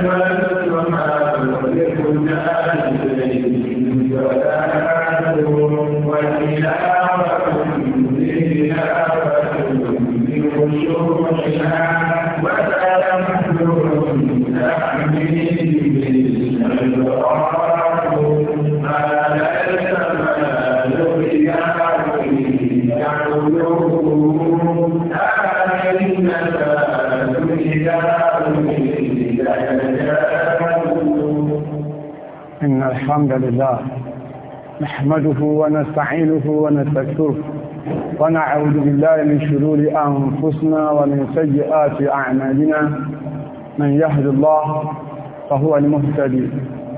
الرحمن الحمد لله نحمده ونستعينه ونستكثره ونعوذ بالله من شرور أنفسنا ومن سيئات أعمالنا من يهد الله فهو المهتدي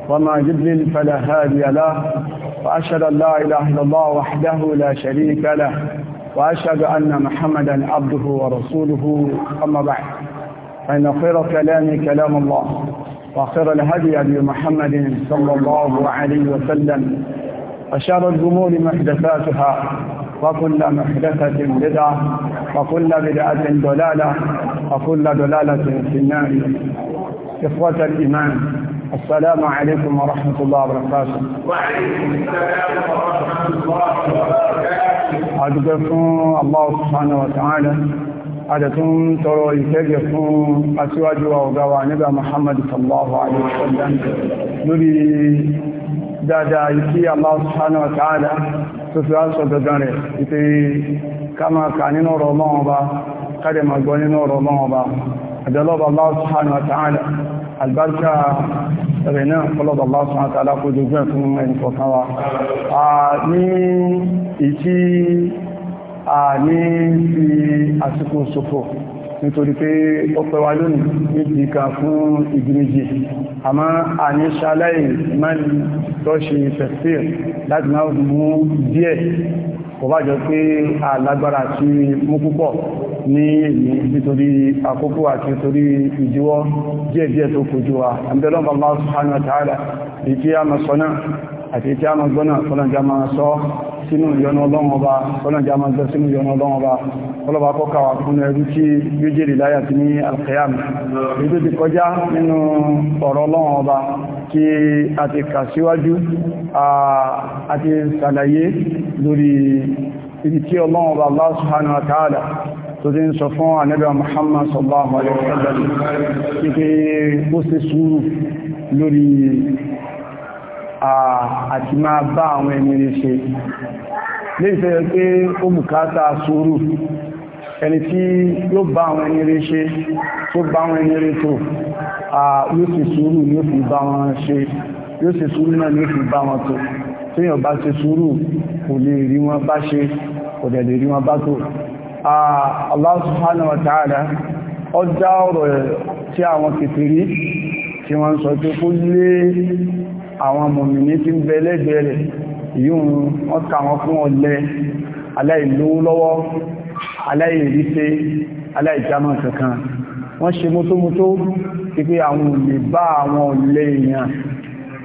وما يضلل فلا هادي له وأشهد أن لا إله إلا الله وحده لا شريك له وأشهد أن محمدا عبده ورسوله أما بعد فإن خير كلام كلام الله وخير الهدي أبي محمد صلى الله عليه وسلم أشار الأمور محدثاتها وكل محدثة بدعة وكل بدعة دلالة وكل دلالة في النار إخوة الإيمان السلام عليكم ورحمة الله وبركاته وعليكم السلام ورحمة الله وبركاته أدعوكم الله سبحانه وتعالى àdẹ̀tún tọrọ ìfẹ́gẹ̀ fún aṣíwájú wa ọ̀gá wa nígbà Muhammad sallallahu alaihi wasallam lórí dáadáa ikí Allah subhanahu wa ta'ala tó fi wá sọ dandan rẹ̀ ìpé ká máa kà nínú ọ̀rọ̀ ọlọ́wọ́n ba kádẹ̀ máa gbọ́ nínú ọ̀rọ̀ ọlọ́wọ́n ba àdẹ́lọ́bà Allah subhanahu wa ta'ala albarka rẹ̀ náà fọ́lọ́bà Allah subhanahu wa ta'ala kó a ní fi àsìkò ṣòfò nítorí pé ó pẹ́ wa lónìí níbi kan fún ìgbìmìjì àmá a ní ṣaláì máa lọ ṣe fẹ̀fẹ́ láti máa mú díẹ̀ kò bá jọ pé alágbára ti mú púpọ̀ ní èyí nítorí àkókò àti nítorí ìdíwọ́ díẹ̀díẹ̀ tó kojú wa àbẹ́lọ́mọ́ àti tí a máa gbọ́nà fọ́lọ́njá máa sọ sínú ìyọnu ọlọ́run ọba fọ́lọ́njá máa gbọ́ sínú ìyọnu ọlọ́run ọba ọlọ́ba kọ́kà wà fún ẹrú tí méjèèrè láyà ti ní alkayam ètò ti kọjá nínú ọ̀rọ̀ ọlọ́run ọba kí a ti kà síwájú a ti sàlàyé lórí ibi tí ọlọ́run ọba Allah subhanahu wa ta'ala tó ti ń sọ fún ànẹ́bẹ̀ Muhammad sallallahu alaihi wasallam kí kí ó ṣe sùúrù lórí àti máa bá àwọn ẹni rí ṣe lè fẹ́ pé ó bùkátà sùúrù ẹni tí yóò bá àwọn ẹni rí ṣe tó bá àwọn ẹni rí tó yóò sì sùúrù ní ó fi bá wọn ṣe yóò sì sùúrù náà ní ó fi bá wọn tó tíyàn bá ṣe sùúrù kò lè rí wọn bá ṣe kò dẹ̀ lè rí wọn bá tó ọjá ọ̀rọ̀ tí àwọn kèfèrí tí wọ́n sọ pé kó lé àwọn mọ̀mìnì tí ń bẹ lẹ́gbẹ̀ẹ́ rẹ̀ yíò wọ́n ká wọn fún ọlẹ́ aláìlówó lọ́wọ́ aláìríṣẹ́ aláìjámọ̀ kankan wọ́n ṣe mútómútó pípé àwọn olè bá àwọn olè èèyàn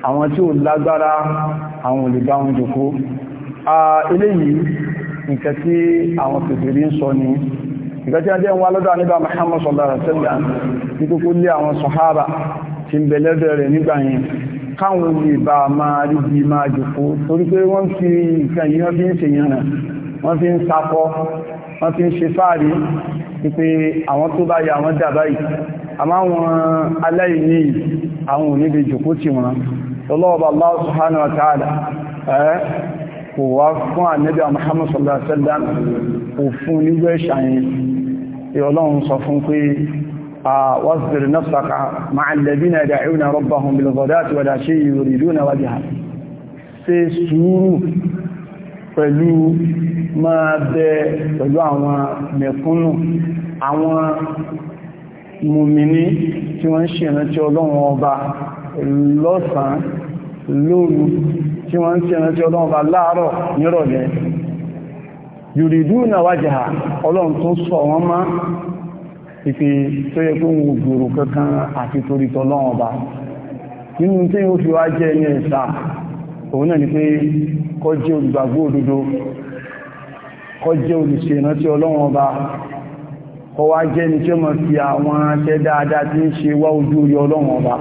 àwọn tí ó lágbára àwọn olè bá wọn jòkó eléyìí nǹkan tí àwọn pèsèrè ń sọ ni nǹkan nígbà Muhammad káwọn olè bá máa rí bí máa jùkú torí pé wọ́n fi nǹkan yìí wọ́n fi ń ṣe yànnà wọ́n fi ń sakọ́ wọ́n fi ń ṣe fáàrí pípé àwọn tó bá yà wọ́n dà báyìí àmá wọn aláìní àwọn oníbe jùkú ti wọn lọ́lọ́ọ̀bà Allah subhanahu wa ta'ala Muhammad sallallahu alaihi wasallam kò fún nígbẹ́ ìṣàyìn ìrọ̀lọ́run sọ fún واصبر نفسك مع الذين يدعون ربهم بالغداة والعشي يريدون وجهه ṣe sùúrù pẹ̀lú máa bẹ pẹ̀lú àwọn mẹ̀kúnnù àwọn mùmìní tí wọ́n ń ṣe ìrántí ọlọ́run ọba lọ́sàn lóru tí wọ́n ń ṣe ìrántí ọlọ́run ọba láàárọ̀ nírọ̀lẹ́ yùrìdú náà wájà ọlọ́run ìpè tó yẹ pé òun gbòòrò kankan àti torí tọ́lọ́wọ́n ọba nínú tí ó fi wá jẹ́ ẹni ẹ̀sà òun náà ni pé kó jẹ́ olùgbàgbọ́ òdodo kó jẹ́ olùṣe ìrántí ọlọ́wọ́n ọba kó wá jẹ́ ni tí ó mọ̀ fi àwọn aṣẹ́ dáadáa tí ń ṣe wá ojú orí ọlọ́wọ́n ọba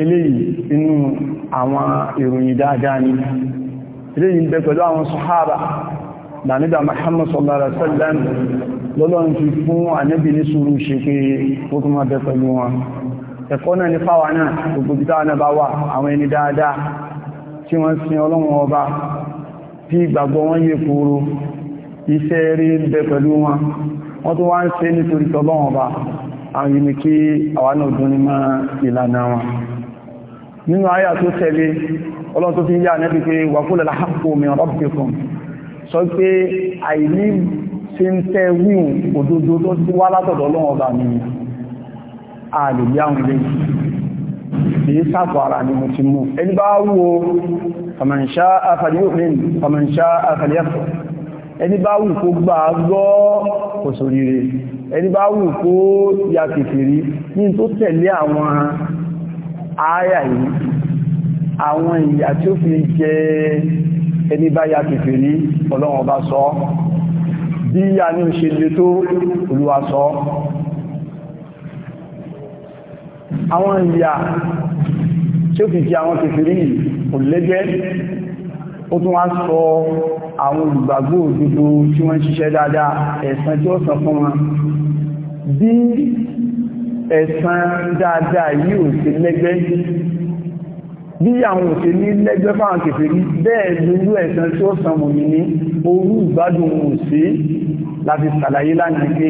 eléyìí inú àwọn ìròyìn dáadáa ni eléyìí ń bẹ pẹ̀lú àwọn sàhábà lànìdà Muhammad sallallahu alaihi wasallam lọ́lọ́run ti fún ànẹ́bì ní sùúrù ṣe pé ó tún máa bẹ pẹ̀lú wọn ẹ̀kọ́ náà ní fáwà náà gbogbo bí táwọn bá wà àwọn ẹni dáadáa tí wọ́n sin ọlọ́run ọba tí ìgbàgbọ́ wọn yé kúrú iṣẹ́ rí bẹ pẹ̀lú wọn wọ́n tó wá ń ṣe nítorí tọ́lọ́run ọba àwọn tí ń tẹ́ wíhùn òdodo tó ti wá látọ̀dọ̀ ọlọ́run ọba a lè yá òun lè kìí sáàpọ̀ ara ni mo ti mú ẹni bá wúwo ọmọ̀nṣá afẹ́lẹ́yìn ọmọ̀nṣá afẹ́lẹ́yàtọ̀ ẹni bá wù kó gbà gbọ́ òṣòrire ẹni bá wù kó ya kèfèrí ní tó tẹ̀lé àwọn ààyà yìí àwọn ìyà tí ó fi jẹ ẹni bá ya kèfèrí ọlọ́run ọba sọ bí a ní ṣe lè tó olùwàsọ́ àwọn ìyà tí ó fi jẹ àwọn kèfèrí kò lẹ́gbẹ́ ó tún wá sọ àwọn olùgbàgbọ́ òdodo tí wọ́n ṣiṣẹ́ dáadáa ẹ̀san tí ó san fún wọn bí ẹ̀san dáadáa yìí sí lẹ́gbẹ́ bí àwọn òṣèlú lẹ́gbẹ́ fáwọn kèfèrí bẹ́ẹ̀ lójú ẹ̀sán tí ó san mòmí ní orú ìgbádùn òṣè láti sàlàyé lánàá pé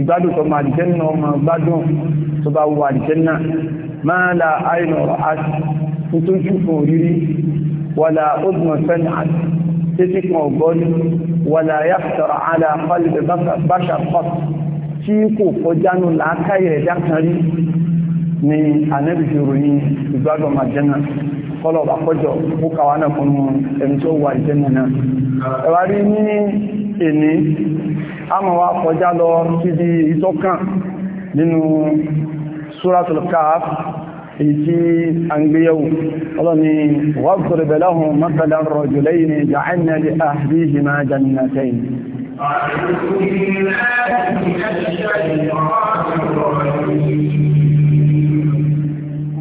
ìgbádùn tó máa dìtẹ́ náà máa gbádùn tó bá wà dìtẹ́ náà máa la àìnà àti nítorí fún òrírí ni ànábì fi ròyìn ìgbádùn àjẹ́nà kọ́lọ̀ àpọ́jọ ó kàwà náà fún ẹni tó wà ìjẹ́nà náà ẹ̀wà rí ní èní a mọ̀ wá kọjá lọ síbi ìtọ́kàn nínú Suratul Kahf إيتي أنبيو ظلني واضرب لهم مثلا الرجلين جعلنا لأهليهما جنتين أعوذ بالله من الشيطان الرجيم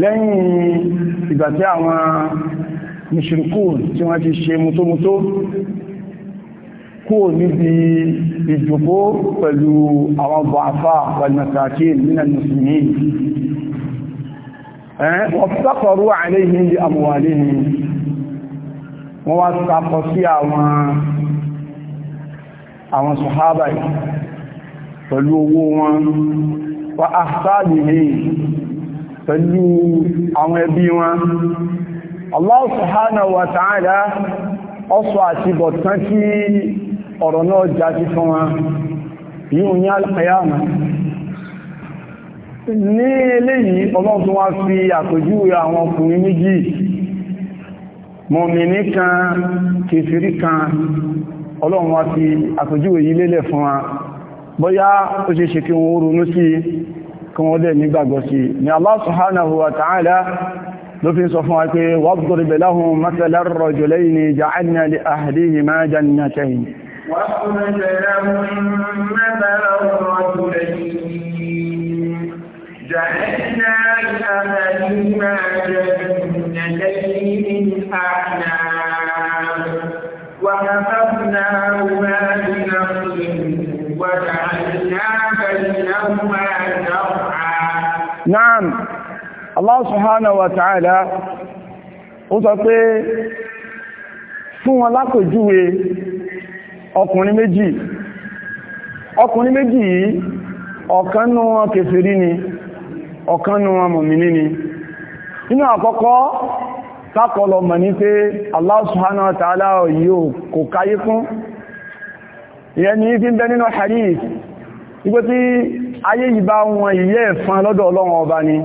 lẹ́yìn ìgbà tí àwọn mìṣìrìkú tí wọ́n ti ṣe mútómútó kúrò níbi ìjòkó pẹ̀lú àwọn bọ̀afá pẹ̀lúmọ̀sàkí nínà musulmi wọ́n sákọrú àìlẹ́yìn ní àmúwàlẹ́yìn wọ́n wá sákọ sí àwọn sọ̀hábà pẹ̀lú owó wọn wọ́n pẹ̀lú àwọn ẹbí wọn Allah subhanahu ọsọ àti bọ̀tán ọ̀rọ̀ náà já sí fún wọn yíò ní alqiyama ní eléyìí ọlọ́run tó wá fi àpèjúwe àwọn ọkùnrin méjì mọ̀mìnì kan kan ọlọ́run wá fi yìí lélẹ̀ fún ó ṣe ṣe kí ronú sí kún ó dẹ̀ nígbàgbọ́ sí ni Allah subhanahu wa ta'ala ló fi sọ fún wa pé واضرب لهم مثل الرجلين جعلنا لأحدهما جنتين واضرب لهم مثل الرجلين جعلنا لأحدهما جنتين من أعناب وحفظناهما بنخل وجعلنا بينهما náàm Allah subhanahu wa ta'ala o sọ pé fún wọn lápèjúwe ọkùnrin méjì ọkùnrin méjì yìí ọ̀kan nú wọn kèfèrí ni ọ̀kan nú wọn mùmínì ni inú àkọ́kọ́ sákọlọ mọ̀ ní pé Allah subhanahu wa ta'ala yìí kò káyé fún ìyẹn ni ibi ń bẹ nínú hadith wípé tí ayé yìí bá wọn ìyẹ́ ẹ̀fán lọ́dọ̀ ọlọ́run ọba ni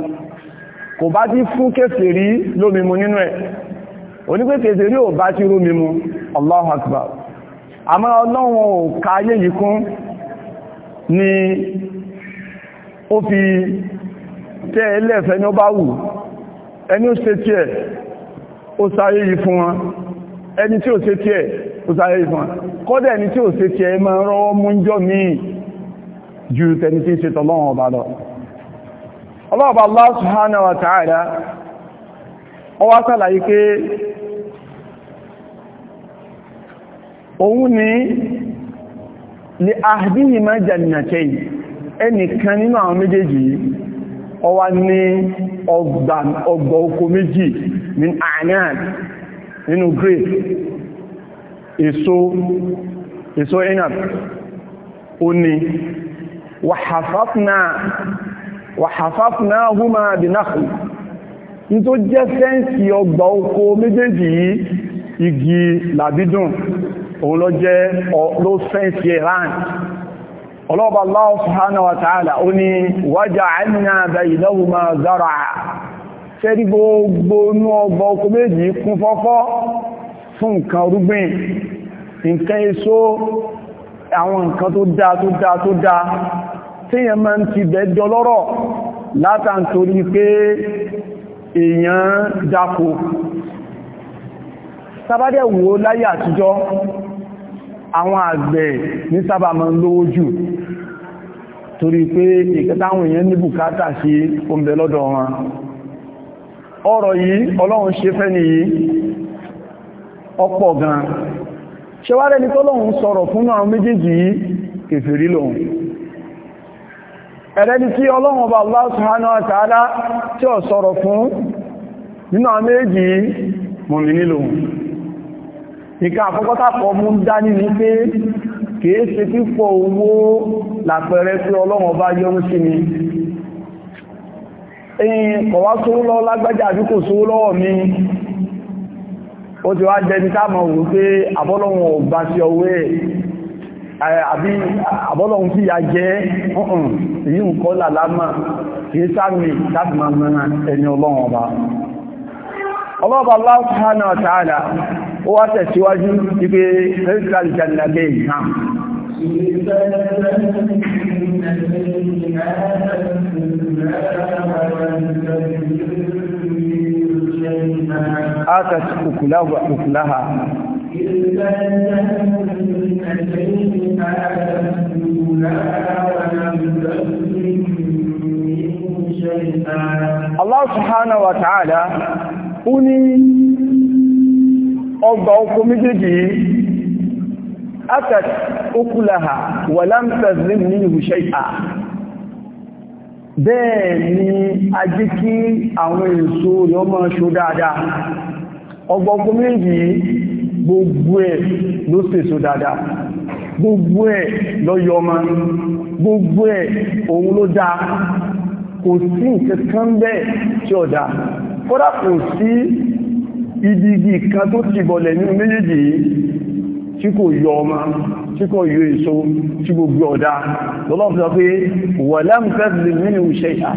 kò bá ti fún kèfèrí lómi mu nínú ẹ̀ onípé kèfèrí ò bá ti rómi mu Allahu Akbar ọlọ́run ò ni ó fi tẹ́ ẹlẹ́fẹ́ ní ó bá wù ẹni ó ṣe tí ẹ̀ ó sáyé yìí fún wọn ẹni tí ó kọ́dẹ̀ ẹni tí ó ṣe tí ẹ̀ máa rọwọ́ mú jọ míì ju tẹni tí ń ṣe tọ́lọ́wọ̀n ọba lọ ọlọ́ọ̀bá Allah subhanahu wa ta'ala ó wá sàlàyé pé òun ni lè àdíyì má jannatayn ẹnìkan nínú àwọn méjèèjì ó wá ní ọgbà oko méjì ní àánáà nínú grape èso èso ó ní wàhàfáfnà húnmà bìnáàkù tó jẹ́ fẹ́ǹsì ọgbà oko méjèèjì yìí igi làbídùn òun lọ jẹ́ ló fẹ́ǹsì ìran ọlọ́ọ̀bà Allah subhanahu wa ta'ala ó ní waja'alna baynahuma oko kun fọfọ, fun àwọn nǹkan tó dáa tó dáa tó dáa tíyàn máa ń ti bẹ́jọ lọ́rọ̀ látàntorí pé èèyàn dákò sábádẹ̀ wo láyé àtijọ́ àwọn àgbẹ̀ ní sábà máa ń lówó jù torí pé ìkẹtàwọn èèyàn ní bùkátà sí oúnjẹ lọ́dọ̀ wọn ọ̀rọ̀ yìí ọlọ́run ṣe fẹ́ nìyí ọ̀pọ̀ gan-an ṣe wá rẹni tó lóhun sọ̀rọ̀ fún àwọn méjèèjì yìí kèfèrí lóhun ẹ̀rẹ́ni tí ọlọ́run ọba Allah subhanahu wa ta'ala tí ó sọ̀rọ̀ fún nínú àwọn méjèèjì yìí mùmínì lóhun ìka àkọ́kọ́tàpọ̀ mú dání ní pé kìí ṣe fífọ́ owó làpẹẹrẹ pé ọlọ́run ọba yọ́nú sí kọ̀wá sówó lọ́wọ́ lágbájá àbí sówó lọ́wọ́ mi ó ti wá jẹni táàmà wò pé àbọ́lọ́hun ò bá sí ọwé àbí àbọ́lọ́hun tí ya jẹ́ ọ̀hún èyí ń kọ́ làlámà kìí sáàmì láti máa mẹ́ra ẹni ọlọ́run ọba ọlọ́ọ̀bà Allah subhanahu wa ta'ala ó wá tẹ̀síwájú wípé ẹ̀ríkàlì jàndàgbé ìhà Thank you. آتت أكلها Allah subhanahu wa ta'ala ó ní ọgbà oko méjèèjì yìí, Atat okulaha wà lámtàzí ní ìhùṣẹ́ ìhà. bẹ́ẹ̀ ni a jí kí àwọn èso yọ mọ́ ṣó dáadáa ọgbọ̀gbọ̀ méjì gbogbo ẹ̀ ló sèso dáadáa gbogbo ẹ̀ lọ yọ ọmọ gbogbo ẹ̀ òun ló dáa kò sí nǹkan bẹ́ẹ̀ tí ó dáa kò sí ibi igi kan tó ti bọ̀lẹ̀ nínú méjèèjì tí kò yọ ọmọ tí kò yóò èso tí gbogbo ọ̀dá lọ́lọ́pù pé wọ̀lẹ́m fẹ́sìlì nínú iṣẹ́ ìṣà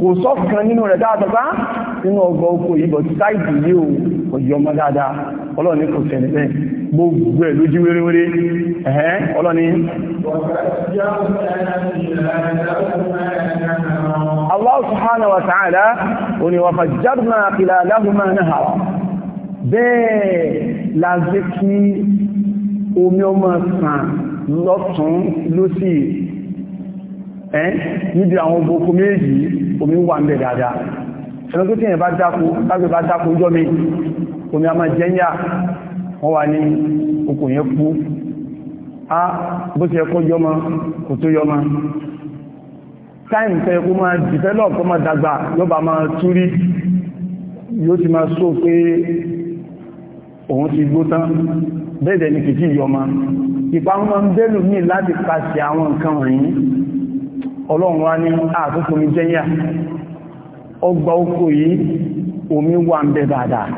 kò sọ́kàn nínú rẹ̀ dáadáa nínú ọgbà oko ìbọ̀ táìtì yí ọjọ́ mọ́ dáadáa ọlọ́ni kò tẹ̀lẹ̀ bẹ́ẹ̀ gbogbo ẹ̀ lójú wéréwéré ẹ̀hẹ́ ọlọ́ni Allah subhanahu wa kí omi ọmọ sàn lọ́tún lósì ẹ́ níbi àwọn gbogbo méjì omi wà ń bẹ̀ dáadáa ẹ̀nà tó tíyẹ̀ bá dákú lágbẹ̀ bá dákú jọ mi omi a máa jẹ́yà wọ́n wà ní okò yẹn kú a bó ti ẹkọ́ yọmọ kò tó yọmọ táìmù tẹ́ kó máa develop kó máa dàgbà yọba máa túrí yóò ti máa sọ pé òun ti gbó bẹ́ẹ̀dẹ̀ n'i kìí yọmọ ìpamọ́ bẹ́lù ní láti pàṣẹ àwọn nǹkan wọ̀nyí ọlọ́run wá ní àtúntò mi jẹ́yà ọgbà oko yìí omi wà ń bẹ dáadáa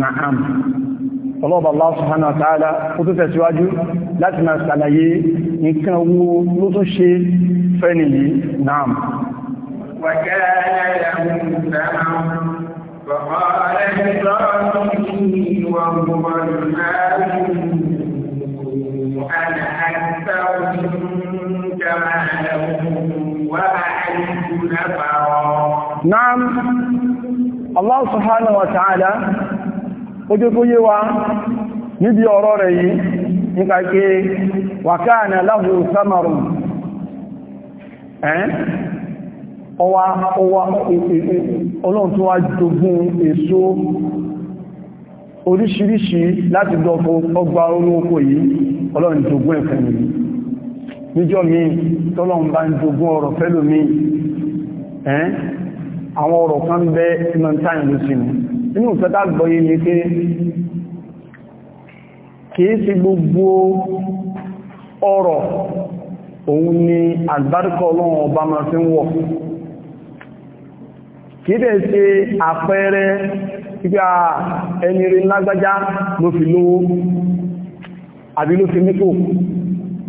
na'am ọlọ́ọ̀bà Allah subhanahu ó tó tẹ̀síwájú láti máa ṣàlàyé nǹkan wo ló tó ṣe فقال إبراهيم وهو المال أنا أكثر منك مالا وأعز نفرا نعم الله سبحانه وتعالى ojúkú yé wa níbi ọ̀rọ̀ rẹ̀ yìí nípa pé wàkáà náà láhùn samarun ẹ́ ọwá ọwá ọlọ́run tó wá jogún èso oríṣiríṣi láti dọ̀fọ́ ọgbà orú oko yìí ọlọ́run jogún ẹ̀fẹ́ mi níjọ́ mi tọ́lọ́run bá ń jogún ọ̀rọ̀ fẹ́lò mi ẹ́n àwọn ọ̀rọ̀ kan bẹ́ mẹ́ntáyìn ló sínú inú ìfẹ́ta gbọ́yé ní pé kìí sí gbogbo ọ̀rọ̀ òun kìí dẹ̀ ṣe àpẹẹrẹ pípẹ́ ẹni rí lágbájá ló fi lówó àbí ló fi nípò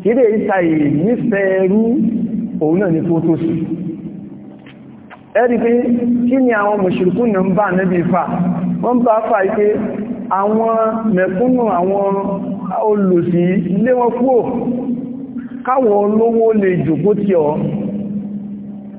kìí dẹ̀ ìtàì nífẹ̀ẹ́rú òun náà ní kó tó sí ẹ̀rí pé kí ni àwọn mùsùlùkú náà ń bá nẹ́bí fà wọ́n bá fà ipé àwọn mẹ̀kúnnù àwọn olùsí lé wọn káwọn olówó lè jòkó tí ọ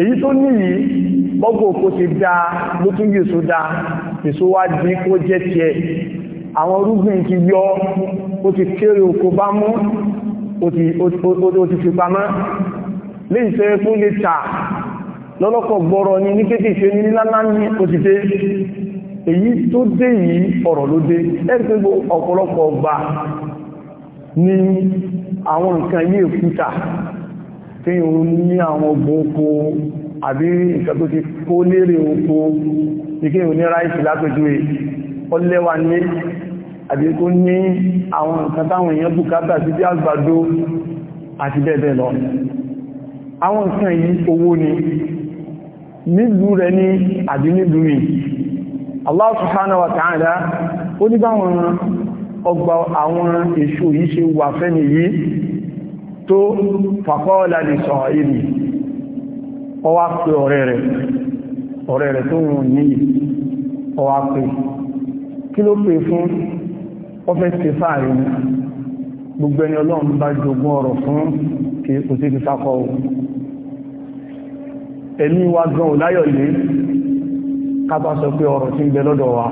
èyí tó ní yìí gbogbo òkú ti dá ló tún yìí só dá èso wá dín kó jẹ́ tiẹ̀ àwọn rúgbìn ti yọ ó ti kéré oko bá mú ó ti fi pamọ́ lè ìṣẹ́ fún lè tà lọ́lọ́kọ̀ gbọ́rọ̀ ni ní kéèkéé ní nílá ó ti dé èyí tó dé yìí ọ̀rọ̀ ló dé ẹ́rìkẹ́ ọ̀pọ̀lọpọ̀ ni àwọn nǹkan yìí tí ó ní àwọn ogun oko àbí ìṣẹ́ tó ti kó lérè oko ike ò ní ráìsì lápẹjú ẹ̀ ó lẹ́wà ní àbí kó ní àwọn nǹkan táwọn èèyàn bùkátà sí bí àgbàdo àti bẹ́ẹ̀bẹ́ẹ̀ lọ àwọn nǹkan yìí owó ni nílùú rẹ̀ ní àbí nílùú mi Allah subhanahu wa ta'ala ó wà tó fàkọ́ọ̀lá lè sọ ọwá pé ọ̀rẹ́ rẹ̀ tó rùn ní ọwá pé kí ló pè fún ọfẹ́ stefani gbogbo ẹni ọlọ́run bá jogún ọ̀rọ̀ fún kí kò sí ti wa gan sọ pé ọ̀rọ̀ tí ń bẹ lọ́dọ̀ wa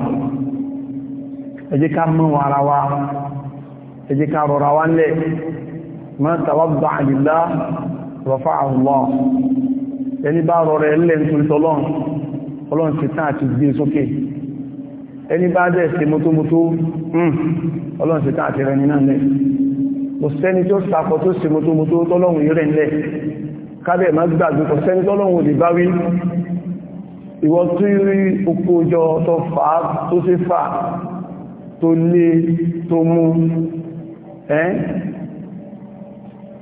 ká mọ́ ma tawadda lillah rafa'ahu Allah ẹni bá rọrẹ ẹlẹ́ nítorí tọ́lọ́n ọlọ́n ti tán àti gbé e sókè ẹni bá dẹ̀ ṣe mọ́tómọ́tó hmm, ọlọ́n ti tán àti rẹ nínú lẹ́ kò sẹ́ni tó sàkọ tó ṣe mọ́tómọ́tó tọ́lọ́run rẹ̀ lẹ́ kábẹ̀ má gbàgbé kò sẹ́ni tọ́lọ́run ò lè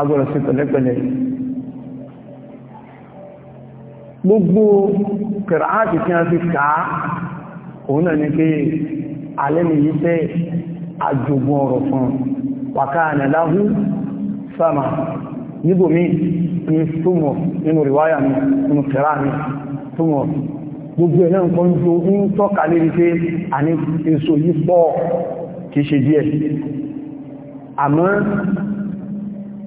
agbọ́dọ̀ sí pẹ̀lẹ́pẹ̀lẹ́ gbogbo kìràáàtì tí a fi kàá òun náà ni pé alẹ́mì yìí fẹ́ àjògùn ọ̀rọ̀ fún wàká ànàláhú sáàmà níbòmí ní súnmọ̀ nínú ríwáyà mi nínú kìràá mi súnmọ̀ gbogbo ẹ̀ náà tó ń tọ́ka lérí pé a ní èso yìí pọ̀ kìí ṣe díẹ̀ àmọ́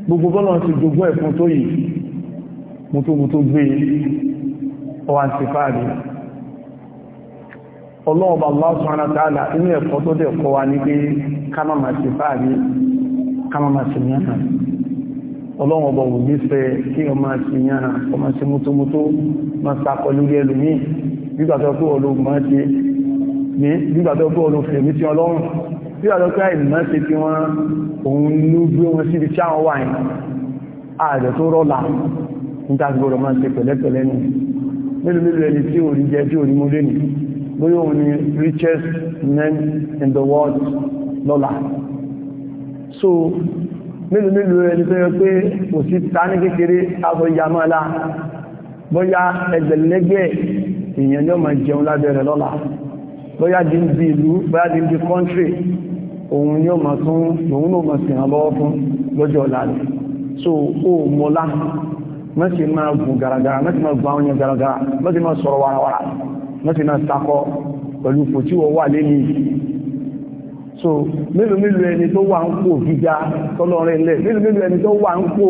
gbogbo bọ́lọ̀ ti gbogbo ẹ̀fún tó yìí mú tó mú tó gbé ọwà e. ti fàárí ọlọ́ọ̀bà Allah subhanahu ta'ala inú ẹ̀kọ́ tó dẹ̀ kọ́ wa ní pé kámàmà ti fàárí kámàmà ti yánà ọlọ́ọ̀bà wù ní fẹ́ kí o máa ti yánà o máa ti mú tó bí ọlọ́pẹ́ ìmọ̀ ṣe kí wọ́n òun ló gbé wọn síbi tí àwọn wà ní ààrẹ tó rọ́lá ní tàbígbọ́rọ̀ máa ṣe pẹ̀lẹ́pẹ̀lẹ́ ní mélòmílò ẹni tí ò rí jẹ tí ò rí múlé ní bóyá òun ni richest men in the world lọ́la so mélòmílò ẹni tó yẹ pé kò sí ta ní kékeré aṣọ yamọ́lá bóyá ẹgbẹ̀lẹ́gbẹ̀ èèyàn yóò máa jẹun lábẹ́rẹ̀ lọ́la bóyá di ìlú bóyá di country òun ni ó ma tún òun náà ma sì lọ́wọ́ fún lọ́jọ́ ọ̀la so ó mọ́lá mẹ́sì máa gùn gàràgàrà mẹ́sì máa gùn àwọn èèyàn gàràgàrà mẹ́sì máa sọ̀rọ̀ wàràwàrà mẹ́sì máa sakọ pẹ̀lú pòtíwọ̀ wà lẹ́yìn so mélòó mélòó ẹni tó wà ń pò gíga tọ́lọ́rin lẹ̀ mélòó mélòó ẹni tó wà ń pò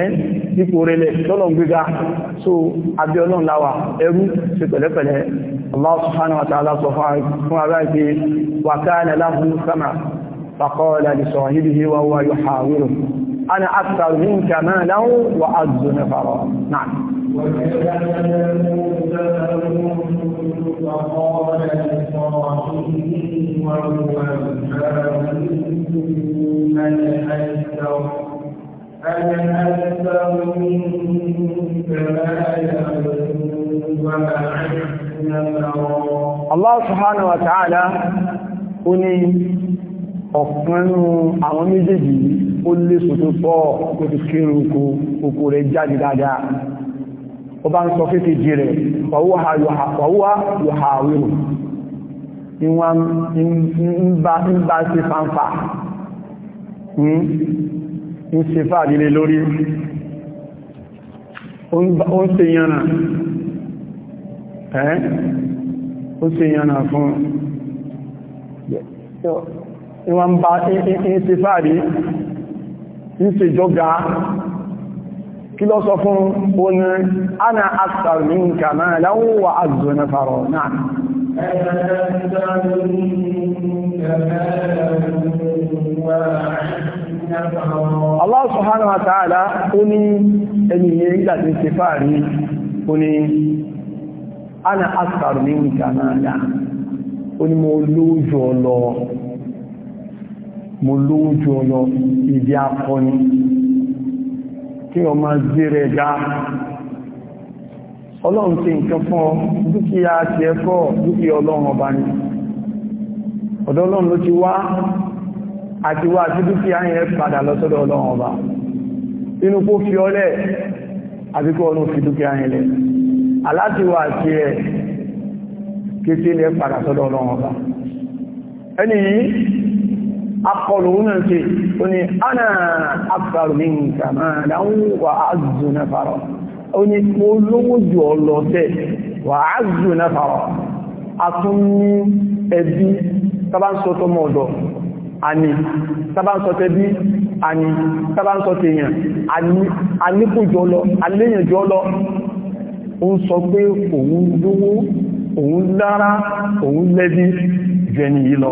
ẹ́ ipò rẹ̀ lẹ̀ tọ́lọ́n gíga so abẹ́ ọlọ́run láwà ẹrú ṣe pẹ̀lẹ́pẹ̀lẹ́ Allah subhanahu wa ta'ala sọ fún ara ìgbé wa kana lahu sama wa Allah subhanahu wa ta'ala ó ní ọ̀kanú àwọn méjèèjì ó lè sòtò pọ̀ ó rẹ̀ jáde dáadáa ó bá ń sọ fífi jí rẹ̀ wàhúwà yòhàwìrù ìwọ̀n ń bá sí fánfà ń se fà nílé lórí ó ń se yànà ẹ́ ó se yànà fún ìwọ̀n bá ń se fà rí ń se jọ́gá kí ló sọ fún oní ana astar minka malan wa azzu nafara náà Allah subhanahu wa ta'ala ó ní ẹniyẹ ìgbàtí ṣe fàárí ó ní ana astar minka malan ó ní mo lóòjò lọ mo lóòjò lọ ìdí akọni kí o máa gbé rẹ̀ ọlọ́run ti nǹkan fún ọ dúkìá ti ẹkọ́ dúkìá ọlọ́run ọba ni ọ̀dọ̀ ọlọ́run ló ti wá àti wá àti dúkìá yẹn padà lọ́sọ́dọ̀ ọlọ́run ọba inú fi ọlẹ̀ akọlù náà ṣe ó ní ana akọlù ní ìkàmà dáhùn wà áàzù náà na ó ní mo jù lọ tẹ́ wà áàzù na farọ̀ a tún ní ẹbí tàbá ń àní tàbá ń àní lọ aléyànjọ lọ ó jẹni yìí lọ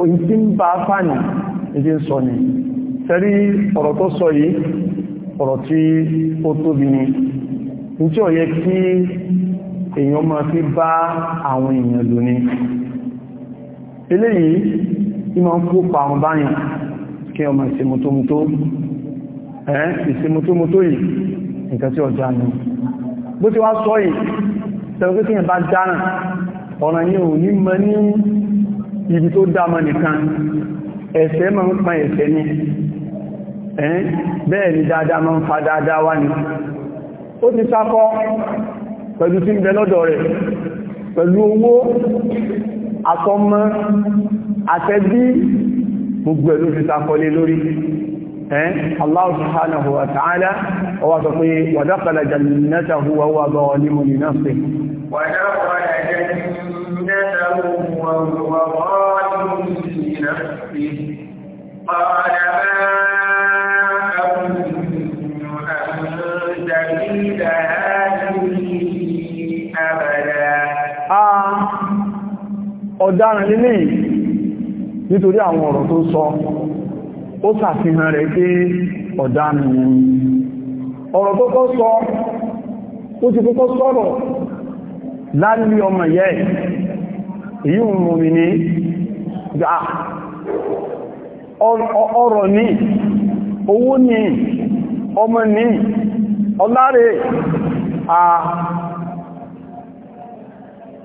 oyin tí ń bá fàní ìdí ń sọ ni tẹ́rí ọ̀rọ̀ tó sọ yìí ọ̀rọ̀ tí ó tóbi ni ní tí ó yẹ kí èèyàn máa fi bá àwọn èèyàn lò ní eléyìí ìmọ̀ ń kó pa àwọn báyìí kí ọmọ ìsẹmọ́tómútó ẹ́ ìsẹmọ́tómútó yìí nǹkan tí ọjà ni bó ti wá sọ yìí tẹ́lẹ̀ pé kí ní mọ́ ní ibi tó dámọ́ nìkan ẹ̀ṣẹ̀ máa ń pa ẹ̀ṣẹ̀ ní ẹ́n bẹ́ẹ̀ ni dáadáa máa ń fa dáadáa wá ní ó ti sákọ́ pẹ̀lú tí ń bẹ lọ́dọ̀ rẹ̀ pẹ̀lú owó àtọmọ àtẹbí gbogbo ẹ̀lú ti sákọ́lé lórí ẹ́n Allah subhanahu wa ta'ala ọwọ́ sọ ọ̀daràn lílé nítorí àwọn ọ̀rọ̀ tó sọ ó sàfihàn rẹ̀ pé ọ̀daràn ni ọ̀rọ̀ tó kọ́ sọ ó ti kọ́kọ́ ọmọ yẹ́ èyí ń ní gbà ọ̀rọ̀ ni, owó ni, ọmọ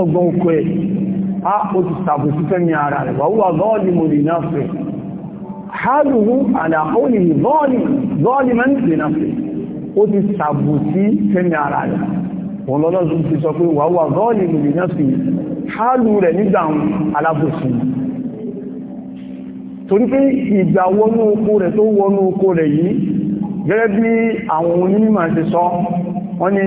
ọgbọ̀n oko ẹ̀ a ó ti sàbò sífẹ́ ní ara rẹ̀ wà wúwà gọ́ọ̀lì mo lè náà fẹ́ hálùú àlàkóòlì gọ́ọ̀lì mẹ́rin lè náà fẹ́ ó ti sàbò sí fẹ́ ní ara rẹ̀ wọn lọ́lọ́sùn ti sọ pé wà wúwà gọ́ọ̀lì mo lè náà fẹ́ hálùú rẹ̀ nígbà alábòsùn torí pé ìgbà wọnú oko rẹ̀ tó wọnú oko rẹ̀ yìí gẹ́gẹ́ bí àwọn onímọ̀ ti sọ wọ́n ni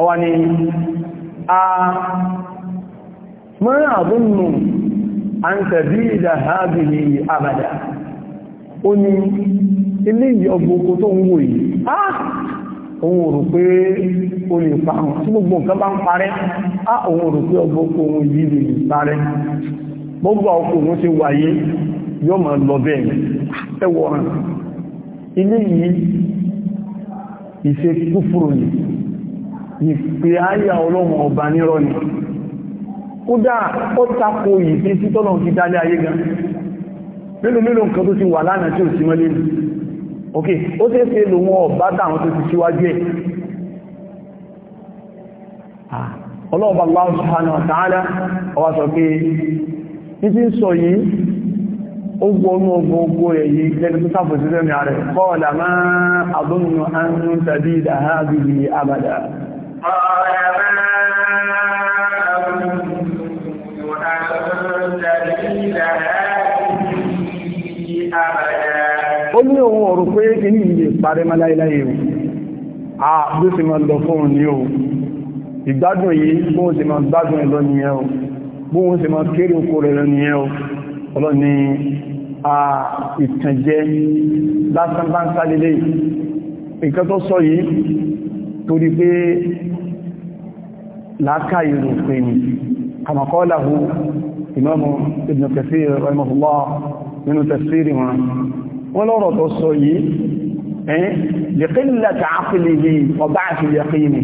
ọwà ni a mọ́rin àbúnnù an tàbí ìdá hábìlì àbàdà ó ní ilé ìyọgbogbo tó ń wò yìí á òun pé o lè pa àwọn tí gbogbo nǹkan bá ń parẹ́ á òun rò pé ọgbogbo ohun yìí gbogbo ọkọ̀ ti wáyé yóò lọ bẹ́ẹ̀ ilé yìí ìṣe ìpè ayà ọlọ́run ọba nírọ́ ni kódà ó tako ìpé sí tọ́lọ̀n fi dálé ayé gan nínú nínú nǹkan tó ti wà lánàá tí ó mọ́lé ní ok ó tẹ́ sí èlò wọn ọba táwọn tó ti síwájú ẹ̀ ọlọ́ọ̀bá Allah lẹ́nu tó sáfòsí kọ́ máa tàbí ó ní ohun ọ̀rọ̀ pé kìí ìyè parí maláìláyé o a bí sí máa lọ fún òní o ìgbádùn yìí bó ń sì máa gbádùn ẹ̀lọ nìyẹn o bó ń sì máa kéré oko rẹ̀ nìyẹn o ọlọ́ni a ìtànjẹ lásán bá ń sálélé ìkẹ́ tó sọ yìí torí pé láàká ìrù pé ní kàmàkọ́láhù ìmọ́mù Ibn Kathir rahimahullah nínú tafsiri wọn wọ́n lọ́rọ̀ tó sọ yìí ẹ́n lè kí láta áfìlìhì ọba àti yàkíní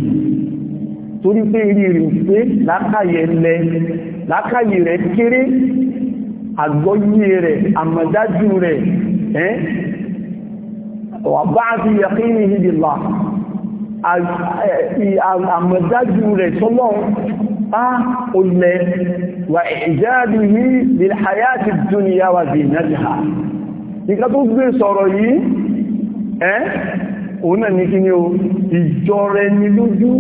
torí pé rí rí pé láàkáyẹ lẹ láàkáyẹ àmọ̀dájú rẹ̀ sọ́lọ́ á olẹ̀ wà ìjáàdì yìí lèláyá ti dúnìyà wà bí náà ìgbà tó gbé sọ̀rọ̀ yìí ẹ́ òun náà ní kí ni o ìjọ rẹ̀ ní lójú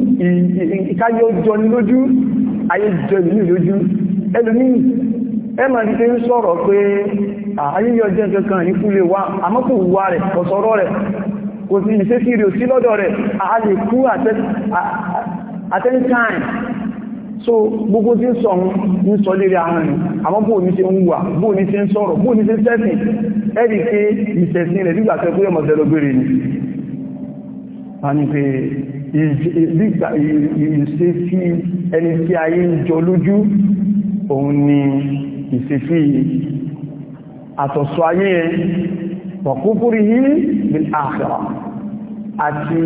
ìkáyọ́ jọ ní lójú ayé jọ ní lójú ẹlùmí ẹmà ní kí ń sọ̀rọ̀ pé ayéyọ jẹ́ kankan ìkúlé wa àmọ́kù wa rẹ̀ kọ̀sọ̀rọ̀ rẹ̀ kò sí ìṣẹ́ sí rí òsí lọ́dọ̀ rẹ̀ a lè kú at any time so gbogbo tí ń sọ ń sọ lérí àwọn ẹ̀rùn àmọ́ bóò ní ṣe ń wà bóò ní ṣe ń sọ̀rọ̀ bóò ní ṣe sẹ́sìn ẹ̀rì pé ìṣẹ̀sìn rẹ̀ nígbà tẹ́kú ẹmọ̀ tẹ́lọgbẹ̀rẹ̀ ni a ní pé ìṣẹ́sí ẹni tí ayé ń jọ lójú òun ni ìṣẹ́sí àtọ̀sọ ayé wa kufurihi bil akhirah àti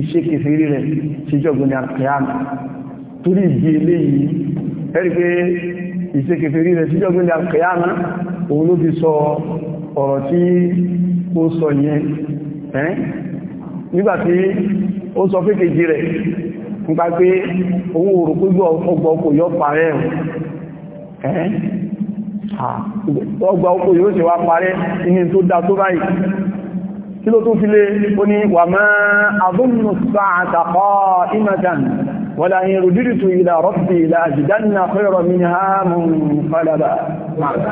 ìṣekèfèrí rẹ̀ síjọ́gbọ́n ní alkiyama torí ìdí eléyìí ẹ̀rí pé ìṣekèfèrí rẹ̀ síjọ́gbọ́n ní alkiyama òun ló fi sọ ọ̀rọ̀ tí ó sọ yẹn ẹ́n nígbàtí ó sọ pé rẹ̀ nípa pé òun òrùkúgbọ́ ọgbọ̀ ọkọ̀ yọ parẹ́ Ah, ọgbà oko yóò ṣe wá parẹ́ inú tó dá tó báyìí kí ló tún fi lé ó ní wà máa àbúnnù sàátàkọ́ imajan wàlá ìrù dìrìtù ìlà rọ́pì ìlà àjìdánà fẹ́rọ mi ha mún fàdàbà ولا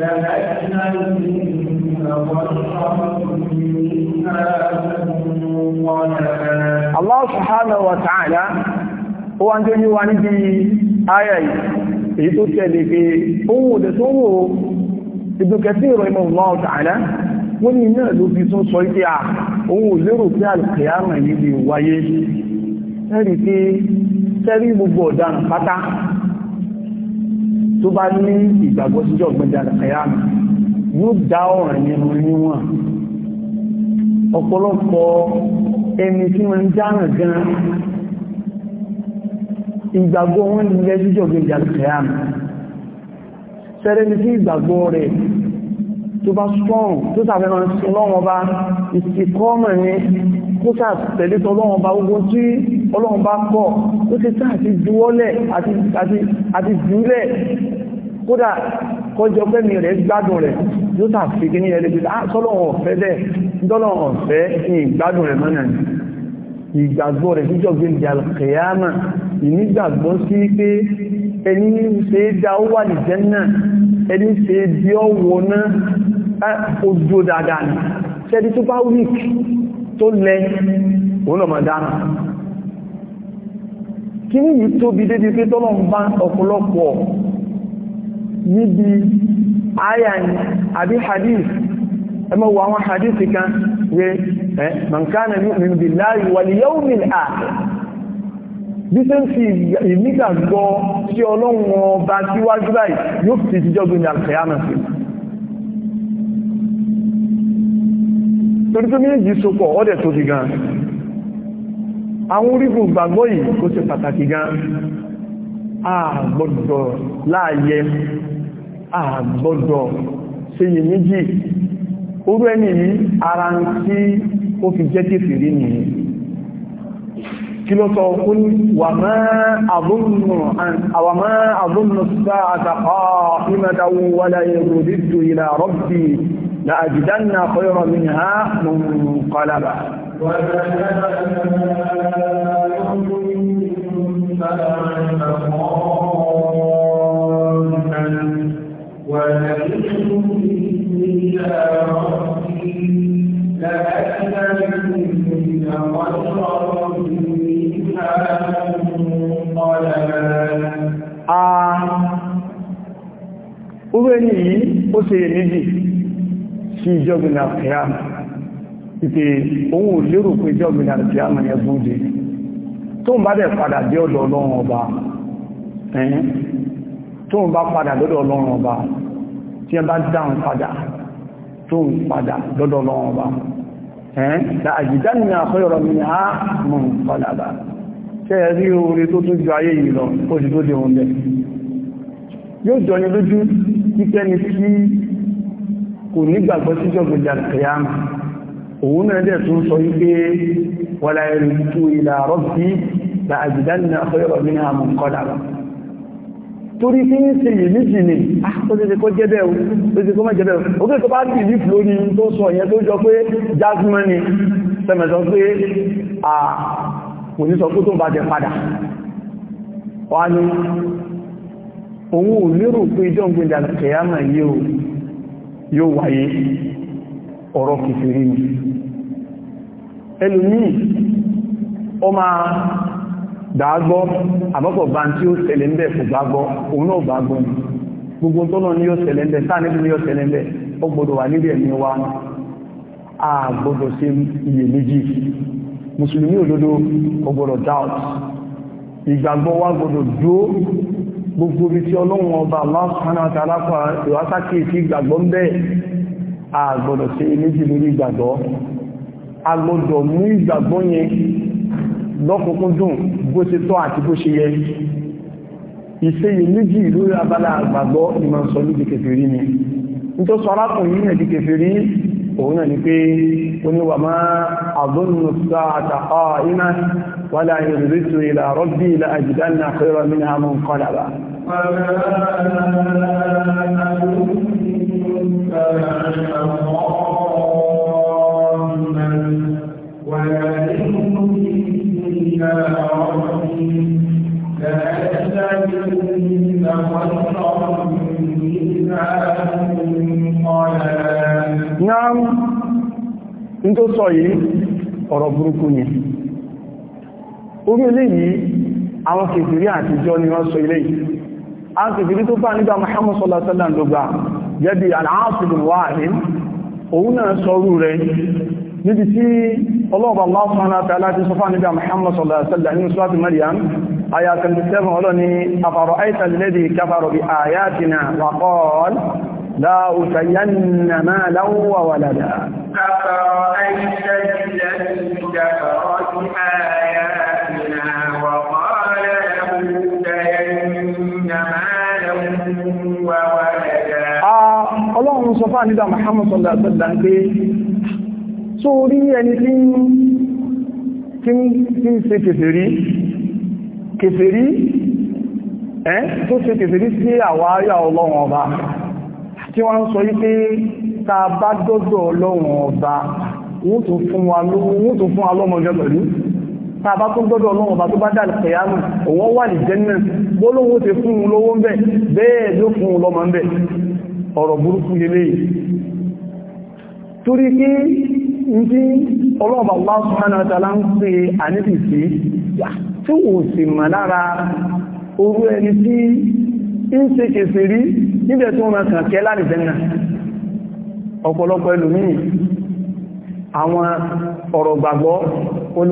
Allah subhanahu wa ta'ala ó wá ń tó yíwa níbi ayà èyí tó tẹ̀lé pé ohun òdè tó wò ìdókẹ́ sí ìrọ̀ ìmọ̀ Allah ta'ala wọ́n ni náà ló fi tún sọ ipé à ohun òlérò pé al yìí wáyé tó bá ní ìgbàgbọ́ síjọ́ ọ̀gbẹ́jà àkàyàmù yóò dá ọ̀ràn nínú níwọ̀n ọ̀pọ̀lọpọ̀ ẹni tí wọ́n ń járàn gan ìgbàgbọ́ wọn ní ilẹ̀ síjọ́ ọ̀gbẹ́jà àkàyàmù sẹ́rẹ́ni tí ìgbàgbọ́ rẹ̀ tó bá strong tó sàfẹ́ máa sí lọ́wọ́n bá ìsìnkọ́mọ̀ ní kó sàtẹ̀lé tọ́ lọ́wọ́n bá gbogbo tí ọlọ́wọ́n bá kọ́ ó ti sáà ti juwọ́lẹ̀ àti jùlẹ̀ kódà kọjọ pẹ́mi rẹ̀ gbádùn rẹ̀ yóò tà fi kí ní ẹlẹ́gbẹ̀ ah, sọ́lọ́wọ̀n ọ̀fẹ́ bẹ́ẹ̀ dọ́lọ́wọ̀n ọ̀fẹ́ ní ìgbádùn rẹ̀ mọ́nà ìgbàgbọ́ rẹ̀ níjọ́ gbé ìdí alkèyàmà ìnígbàgbọ́ sí pé ẹni ṣe dá ó wà nìjẹ́ náà ẹni ṣe bí ọ wọ náà ojú dáadáa ni ṣẹ́dí tó bá wík tó lẹ olọ́mọdára kí ní yìí tóbi débi pé tọ́lọ́ níbi àyà àbí hadith ẹmọ wọ àwọn hadith kan wé ẹ́ mọ̀nkánà yu'minu billahi wal yawmil akhir bí ṣe ń fi ìmígbàgbọ́ sí ọlọ́run ọba síwájú báyìí yóò fi jíjọ́ gbé ní àkẹyàmọ̀ sí torí tó méjì sopọ̀ ọdẹ̀ fi gan àwọn orígun gbàgbọ́ àgbọ́dọ̀ láàyẹ àgbọ́dọ̀ ṣeyè méjì orú ẹni yìí ara ń tí ó fi jẹ́ kéfèrí nìyí kí ló sọ fún wà máa àbúnnù sáà àtàkọ́ ìmẹ́dáwó wádá ẹgbò dídò ìlà rọ́bì لأجدن خيرا منها منقلبا وَمَا Owó ẹni yìí ó ṣe èméjì sí ìjọ́gbìnà kìíyàmù, ìpè òun ò lérò pé ìjọ́gbìnà kìíyàmù ẹgbùn jẹ́ tó ń bá dẹ̀ padà dé ọ̀dọ̀ ọlọ́run ọba ẹ̀yìn tó ń bá padà lọ́dọ̀ ọlọ́run ọba tí ẹ bá dáhùn padà tó ń padà lọ́dọ̀ ọlọ́run ọba ẹ̀yìn la àjìdánìyà àkọ́yọ̀rọ̀ mi á mọ̀ padà bá tẹ́ ẹ rí oore tó tún ju ayé yìí lọ ó sì tó dé òun òun náà dẹ̀ tún sọ wípé wọ́la ẹ̀rìnkú ìlà rọ́bí la àjìdánà ọ̀rọ̀ ní àmù kọ́dàrà torí tí ń se ìlíjì ni ah, ó ti kó jẹ́bẹ̀ ó ti kó má jẹ́bẹ̀ ó tó bá bí ìlú lórí tó sọ ìyẹn tó jọ ní sọ pé tó bá yóò wáyé ọ̀rọ̀ kìfèrí ni ẹlùmí ọ máa dàágbọ́ àbọ́pọ̀ tí ó ṣẹlẹ̀ ń bẹ̀ fò gbágbọ́ òun náà gbágbọ́ gbogbo tọ́nà ní ó ṣẹlẹ̀ ń bẹ̀ sáà níbi ó ń bẹ̀ ó wà níbi ẹ̀mí wa a iye méjì doubt ìgbàgbọ́ wa gbọdọ̀ dúó gbogbo ibi tí ọlọ́run ọba sí a gbọ́dọ̀ ṣe méjì lórí ìgbàgbọ́ a gbọ́dọ̀ mú ìgbàgbọ́ yẹn lọ́kùnkúndùn bó ṣe tọ́ àti bó ṣe yẹ ìṣẹ́yìn méjì lórí abala àgbàgbọ́ ìmọ̀ sọ ní dìkẹfẹ̀rí ni nítọ́ sọ arákùnrin ní dìkẹfẹ̀rí òun náà ni pé oníwà máa wà láàrin ìrìsù ìlà ní tó sọ yìí ọ̀rọ̀ burúkú ni orí ilé yìí àwọn kèfèrí àtijọ́ ni wọ́n sọ ilé yìí àwọn kèfèrí tó bá nígbà Muhammad gẹ́bí aláàtùn wáhìn òun náà sọrú rẹ̀ níbi tí ọlọ́ọ̀bà Allah subhanahu wa ta'ala ti sọ fún nígbà Muhammad sallallahu alaihi wasallam ní surati Maryam aya 27 ọlọ́ni afara'ayta alladhi kafara bi ayatina wa qala la utayanna ń sọ fáà nígbà Muhammad sọ́lá sọ́lá ń pé tó rí ẹni tí ń ṣe kèfèrí kèfèrí ẹ́ tó ṣe kèfèrí sí àwárí ọlọ́run ọba tí wọ́n ń sọ wípé ta bá dọ́dọ̀ ọlọ́run ọba wọ́n tó fún wa lọ́mọ ọjọ́ pẹ̀lú ta bá tó dọ́dọ̀ ọlọ́run ọba tó bá dà kẹyàmù òun wà ní jẹ́nà bólówó ti fún un lówó ń bẹ̀ bẹ́ẹ̀ ló fún un lọ́mọ ń bẹ̀ ọ̀rọ̀ burúkú lélé torí kí n tí ọlọ́ọ̀bà Allah subhanahu wa ń pè àníbì tí ò sì mà lára orú ẹni tí ń ṣe kèsè rí níbẹ̀ tó rán kàkẹ́ lárìbẹ̀nà ọ̀pọ̀lọpọ̀ ẹlòmíì àwọn gbogbo àwọn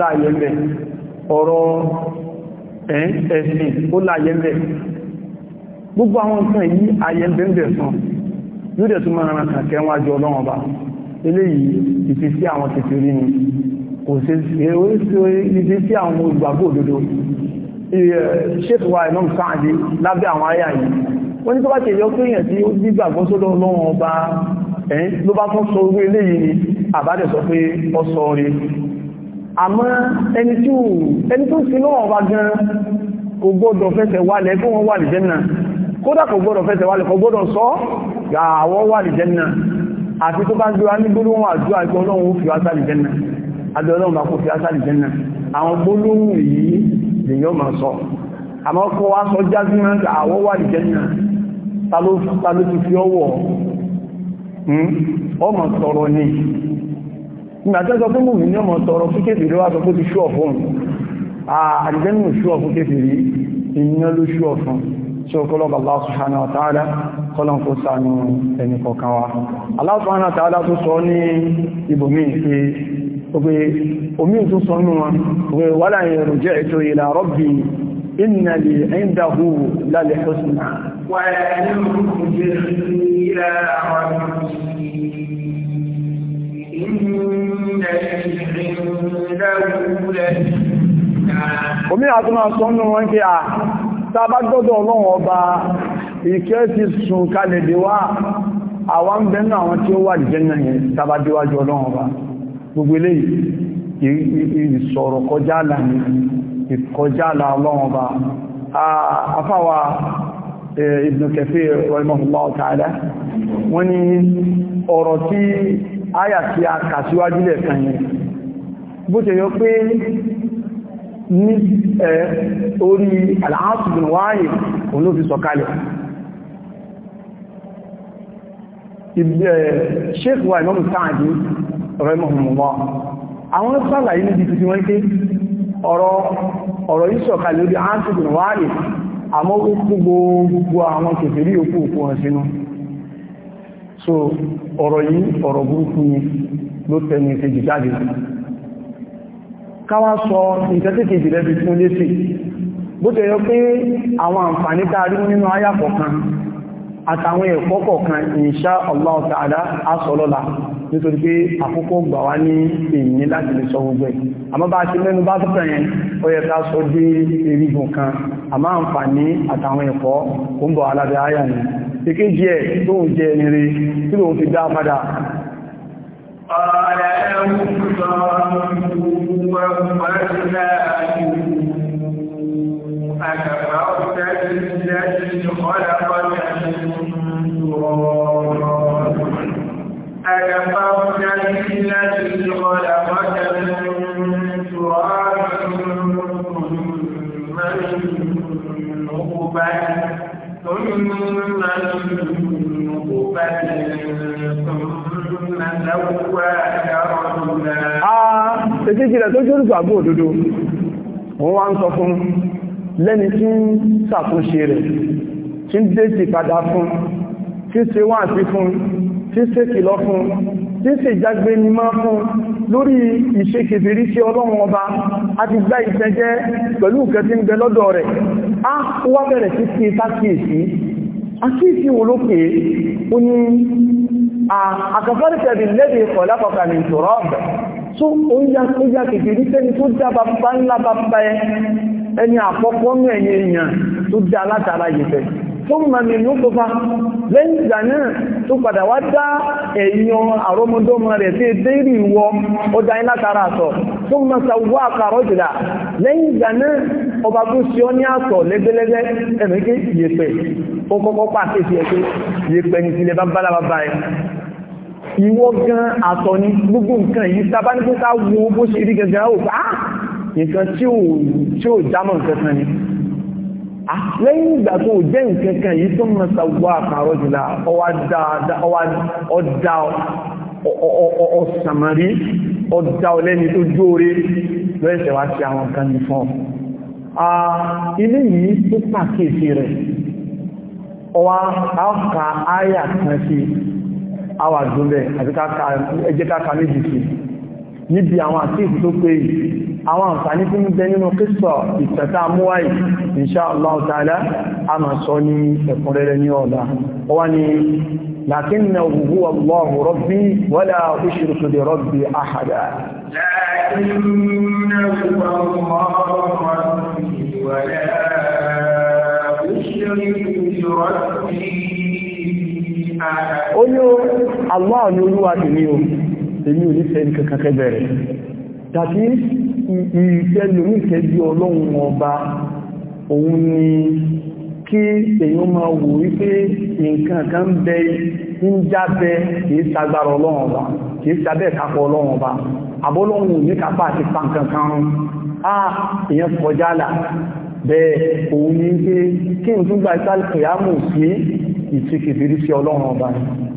nǹkan yóò dẹ̀ tún máa ran kàkẹ́ wọn àjọ ọlọ́wọ́n bá eléyìí ìfisí àwọn kèfèrí ni kò sí ìfisí àwọn olùgbàgbọ́ òdodo ṣéfùwà ìmọ̀ sáàdì lábẹ́ àwọn ayà yìí wọ́n ní tó bá tẹ̀yọ́ pé èèyàn tí ó gbígbàgbọ́ sọ́dọ̀ ọlọ́wọ́n ọba ẹ̀yìn ló bá tún sọ orí eléyìí ni àbádẹ̀ sọ pé ọ sọ rí àmọ́ ẹni tí ó sí lọ́wọ́ ọba gan kò gbọ́dọ̀ fẹ́sẹ̀ wálẹ̀ fún wọn wà nìjẹ́ náà kódà kò gbọ́dọ̀ fẹ́sẹ̀ wálẹ̀ kò gbọ́dọ̀ sọ gàwọ́ wà lè jẹ́nà àti tó bá ń gbíwá ní gbólóhùn àjọ àìkọ́ ọlọ́run fi wásá lè jẹ́nà àjọ ọlọ́run bá kó fi wásá lè jẹ́nà àwọn gbólóhùn yìí lèyàn máa sọ àmọ́ kọ́ wá sọ jásímọ́ gàwọ́ wà lè jẹ́nà ta ló ti fi ọwọ́ ọmọ hmm? tọrọ ni ìgbàtẹ́sọ tó mú mi ní ọmọ tọrọ fún kéfèrè wá sọ pé ti ṣú ọ̀fún tí ó kọ́lọ̀ bàbá subhanahu wa ta'ala kọ́lọ̀ kó sánú ẹni kọ̀ọ̀kan wa Allah subhanahu wa ta'ala tó sọ ní ibòmí pé ogbè omi tó sọ nù wọn ogbè wala yarji'tu ila rabbi inna li 'indahu lal husna omi àtúnmà sọ wọn kí a ah, tàbá gbọ́dọ̀ ọlọ́run ọba ìkẹ́ ti sùn kalẹ̀ dé wá àwọn ń bẹ́nu àwọn tí ó wà jẹ́nà yẹn tàbá díwájú ọlọ́run ọba gbogbo eléyìí ìsọ̀rọ̀ kọjá àlà ìkọjá àlà ọlọ́run ọba e, ní orí aláàtùbùn wáyé òun ló fi sọ̀kalẹ̀ sheikh wa imam sáàdì rahimahumullah àwọn sàlàyé níbi títí wọ́n pé ọ̀rọ̀ ìṣọ̀kalẹ̀ orí aláàtùbùn wáyé àmọ́ gbogbo àwọn kèfèrí òkú òkú wọn sínú so ọ̀rọ̀ yìí ọ̀rọ̀ burúkú ni ló tẹnu ìfẹ́jì jáde káwá sọ nǹkan tí kìí jìlẹ̀ fi fún lé sí bó tẹ̀yọ pé àwọn àǹfààní tààrí nínú àyà kọ̀ọ̀kan àtàwọn ẹ̀kọ́ kọ̀ọ̀kan insha Allah ta'ala asọ́lọ́la nítorí pé àkókò gbà wá ní èyí láti lè sọ gbogbo ẹ̀ àmọ́ bá ti mẹ́nu bá tó tẹ̀yẹn ó yẹ ká sọ dé erigun kan àmọ́ àǹfààní àtàwọn ẹ̀kọ́ kò ń bọ̀ alábẹ́ àyà ni èkéjì ẹ̀ tóun قال لهم ظنوا وهم أغنى أكفرت بالذي خلقك من تراب أكفرت بالذي خلقك من تراب ثم من نطفة ثم من نطفة ثم Ètí ìjìnlẹ̀ tó jórùsù àgbò òdodo, wọ́n wá ń sọ fún lẹ́ni tí ń ṣàtúnṣe rẹ̀, tí ń dé sí padà fún, tí ṣe wá sí fún, tí ṣe kìlọ fún, tí ṣe jágbé ní máa fún lórí ìṣekèfèrí sí ọlọ́run ọba àti gbá ìfẹ́jẹ́ pẹ̀lú ìkẹ́ tí ń bẹ lọ́dọ̀ rẹ̀. Á wá àkàfẹ́rẹ́tẹ̀bì lẹ́bí ìkọ̀lápọ̀kà ní ìṣòro ọ̀bẹ̀ tó oúnjẹ tó yá kìkìrí tẹ́ni tó dá bàbá ńlá bàbá ẹ ẹni àkọ́kọ́ ní ẹ̀yẹ èèyàn tó dá látara yìí tó mọ̀ ní lókòfà lẹ́yìn ìgbà náà tó padà wá dá ẹ̀yàn àrọ́mọdọ́mọ rẹ̀ tí déèrè ìwọ ó dá látara àtọ̀ tó mọ̀ sàwọ́ àkàrọ̀ jìlá lẹ́yìn ìgbà náà ọba tó ṣe sí ẹ̀kẹ́ yẹ̀pẹ̀ ní tilẹ̀ bá bá lábàbá ẹ̀ ìwọ gan àtọ̀ ní gbogbo nǹkan yìí sábá ní pípa wo bó ṣe rí gẹ̀gẹ̀ ó bá ah! nǹkan tí ó jámọ̀ nǹkan ni lẹ́yìn ìgbà tó ò jẹ́ nǹkan kan yìí tó mọ̀ sàwọ́ àpàrọ̀ jùlá ọwá ọ̀sàmàrí ọ̀dá ọlẹ́ni tó jóore lọ́ẹ̀ṣẹ̀ wá sí àwọn kan ní fún ilé yìí tó pàkèsí rẹ̀ ọwá áọ̀ká áyà kan sí àwà dúnbẹ̀ àti ẹjẹ́ káka méjì sí níbi àwọn àtíìsì tó pé àwọn àǹfààní tí ń bẹ nínú kíṣọ̀ ìtẹ̀ta múwáì insha Allah ta'ala a máa sọ ní ẹ̀kúnrẹ́rẹ́ ní ọ̀dá wọ́n ni لكنه هو الله ربي ولا أشرك بربي أحدا لكنه هو الله ربي ولا أشرك بربي ó ní Allah ní olúwa tì ní o èmi ò ní fẹ́ ní kankan kẹbẹ̀rẹ̀ tàbí ìfẹ́ lórí ìfẹ́ bí ọlọ́run ọba òun ni kí èyàn máa wò wípé nǹkan kan bẹ ń jábẹ kìí sagbára ọlọ́run ọba kìí sabẹ́ ìkápọ̀ ọlọ́run ọba àbọ́lọ́run ò ní kápá àti pàǹkan kan á èyàn kọjá là bẹ́ẹ̀ òun ní pé kí n tún gba ìsàlẹ̀ kìyàmù sí ìtíkìfìrí sí ọlọ́run ọba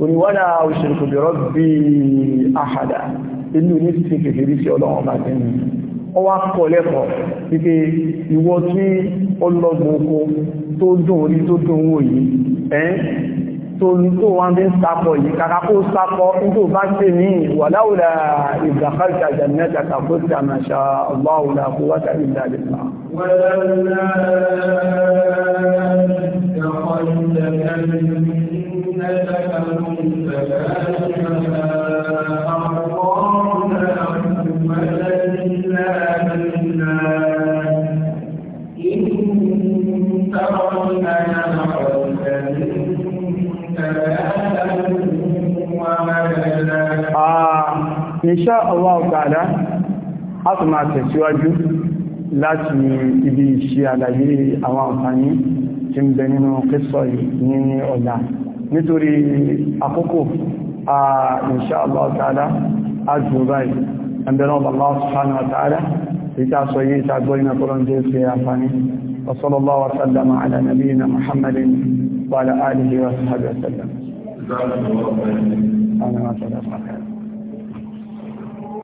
oníwádà òṣèlúkòbẹ̀rọ̀ bí i àhàdà inú ní ìtíkìfìrí sí ọlọ́run ọba tẹ́lú wọ́n wá kọ lẹ́kọ̀ọ́ wípé ìwọ tí ọlọ́gbọ̀n oko tó dùn orí tó dùn owó yìí ẹ́n tó ní tó wá ń bí ń sapọ̀ yìí kàkà kó Insha Allah ta'ala, a tún máa tẹ̀síwájú láti ibi ìṣe àlàyé àwọn àǹfààní tí ń bẹ nínú kẹsọ̀ yìí ní ọ̀la nítorí àkókò a insha Allah ta'ala azubai ẹ̀bẹ̀rẹ̀ Allah subhanahu wa ta'ala ìta sọ yìí ìta gbọ́ iná kọ́lọ́n jẹ́ ṣe àǹfààní wa sallallahu wa wa sallam